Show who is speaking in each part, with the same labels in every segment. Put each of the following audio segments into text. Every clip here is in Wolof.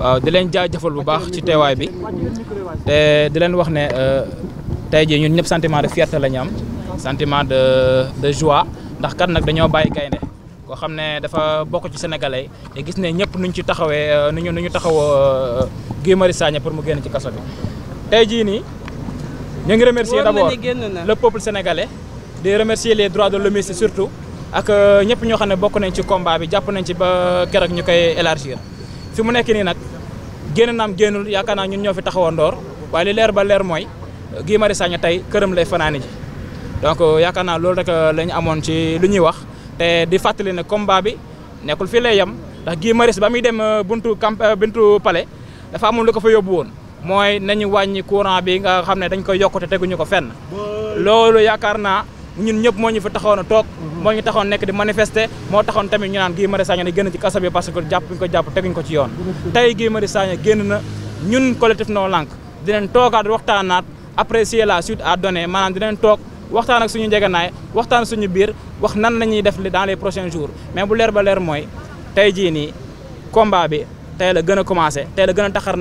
Speaker 1: waaw di leen jaajëfal bu baax ci teewaay bi te di leen wax ne euh, tey jii ñun ñëpp sentiment de fierté la ñu am sentiment de de joie ndax kat nag dañoo bàyyi kay gaynde koo xam ne dafa bokk ci sénégalais te gis ne ñëpp nuñ ci taxawee euh, nuñu nu ñu taxawoo euh, Guy Marius Sagna pour mu génn ci kaso bi tey ji nii ñoo ngi remercier d'abord la peuple sénégalais di remercier les droits de l'homme surtout ak ñëpp ñoo xam ne bokk nañ ci combat bi jàpp nañ ci ba keroog ñu koy élargir fi mu nekk nii nag génn naam génnul yaakaar naa ñun ñoo fi taxawoon door waaye li leer ba leer mooy Guy Marius Sagna tey këram lay fanaani ji donc euh, yaakaar naa loolu rek euh, la amoon ci lu ñuy wax te di fàttali ne combat bi nekkul fii lay yem ndax Guy Marius ba muy dem euh, buntu camp buntu palais dafa amul lu ko fa yóbbu woon mooy nañu wàññi courant bi nga xam ne dañ koy yokkute teguñu ko fenn loolu yaakaar naa ñun ñëpp moo ñu fa taxawoon a toog mhm. moo ñu taxoon nekk di manifester moo taxoon tamit ñu naan Guy Marius Sagna ne génn ci kaso bi parce que jàpp ñu ko jàpp teguñ ko ci yoon mhm. tey Guy Marius Sagna génn na ñun collectif non lank dinañ toogaat waxtaanaat apprécier la suite à donner maanaam dinañ toog waxtaan ak suñu njegenaay waxtaan suñu biir wax nan la ñuy def dans les prochains jours mais bu leer ba leer mooy tey jii nii combat bi tey la gën a commencé tey la gën a taxar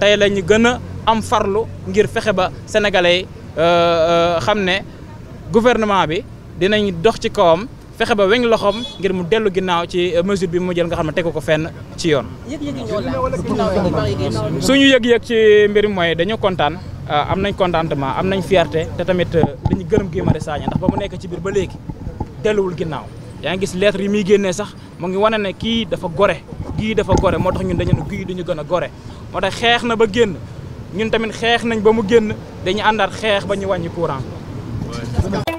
Speaker 1: tey la ñu gën a am farlu ngir fexe ba sénégalais euh, euh, xam ne gouvernement bi dinañ dox ci kawam fexe ba weñ loxoom ngir mu dellu ginnaaw ci euh, mesure bi mu jël nga xam ne tegu ko fenn ci yoon. ñu yëg-yëg ci mbir mi mooy dañu kontaan euh, am nañ contentement am nañ fierté te tamit euh, dañu gërëm Guy Marius Sagna ndax ba mu nekk ci biir ba léegi delluwul ginnaaw yaa ngi gis lettre yi muy génnee sax mu ngi wane ne kii dafa gore kii dafa gore moo tax ñun dañu ne kii duñu gën a gore moo tax xeex na ba génn ñun tamit xeex nañ ba mu génn dañu àndaat xeex ba ñu wàññi courant salaamaaleykum